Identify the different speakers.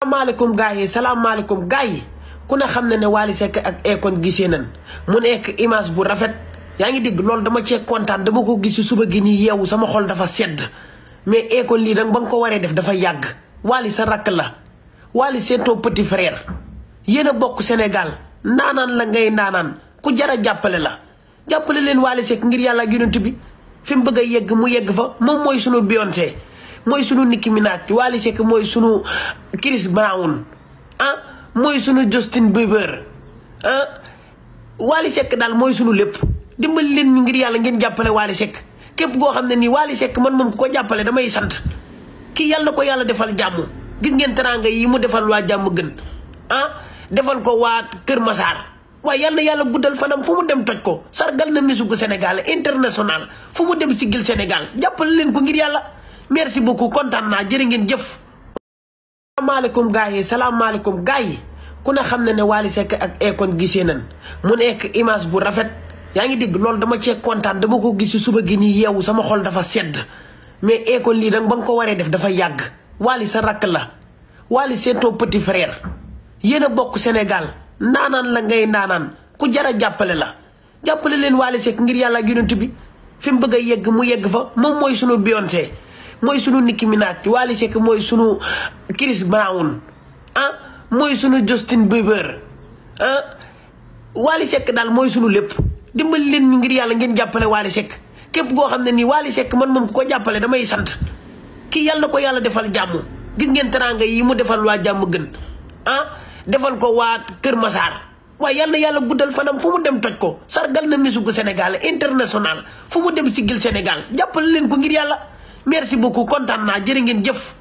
Speaker 1: salaamaaleykum gaay yi salaamaaleykum gars yi ku ne xam na ne Wally Seck ak Akon gisee nan mu nekk image bu rafet yaa ngi dégg loolu dama cee kontaan dama ko gis suba gi nii yeewu sama xol dafa sedd mais Akon lii nag ba nga ko waree def dafa yàgg Wally sa rakk la Wally c'est ton petit frère yéen a bokk Sénégal naanaan la ngay naanaan ku jar a jàppale la jàppale leen Wally Seck ngir yàlla ak yonent bi fi mu bëgg a yegg mu yegg fa moom mooy sunu Beyoncé mooy sunu Nicki Minaj Wally Seck mooy sunu Chris Brown ah mooy sunu Justin Bieber ah Wally Seck daal mooy sunu lépp dimbali leen ñu ngir yàlla ngeen jàppale Wally Seck képp koo xam ne nii Wally Seck man moom ku ko jàppale damay sant ki yàlla na ko yàlla defal jàmm gis ngeen teraanga yi mu defal waa jàmm gën ah defal ko waa Kër Masaar waaye yàlla na yàlla guddal fanam fu mu dem toj ko sargal na ni sugu Sénégal international fu mu dem siggil Sénégal jàppale leen ko ngir yàlla merci beaucoup kontaan naa jërë ngeen jëf. salaamaaleykum gars salaamaaleykum gars yi ku ne xam na ne Wally Seck ak Akon gisee nan mu nekk image bu rafet yaa ngi dégg loolu dama cee kontaan dama ko gis suba gi nii yeewu sama xol dafa sedd mais Akon lii nag ba nga ko waree def dafa yàgg Wally sa rakk la Wally c'est ton petit frère yéen a bokk Sénégal naanaan la ngay naanaan ku jar a jàppale la jàppale leen Wally Seck ngir yàlla ak Yonent bi fi mu bëgg a yegg mu yegg fa moom mooy sunu Beyoncé mooy sunu Nicki Minaj Wally Seck mooy sunu Chris Brown ah mooy sunu Justin Bieber ah Wally Seck daal mooy sunu lépp dimbali leen ñu ngir yàlla ngeen jàppale Wally Seck képp koo xam ne nii Wally Seck man moom ko jàppale damay sant kii yàlla ko yàlla defal jàmm gis ngeen teraanga yi mu defal waa jàmm gën ah defal ko waa Kër Masaar waaye yàlla yàlla guddal fanam fu mu dem toj ko sargal na misugu Sénégal international fu mu dem siggil Sénégal jàppale leen ko ngir yàlla merci beaucoup kontaan naa jërë ngeen jëf.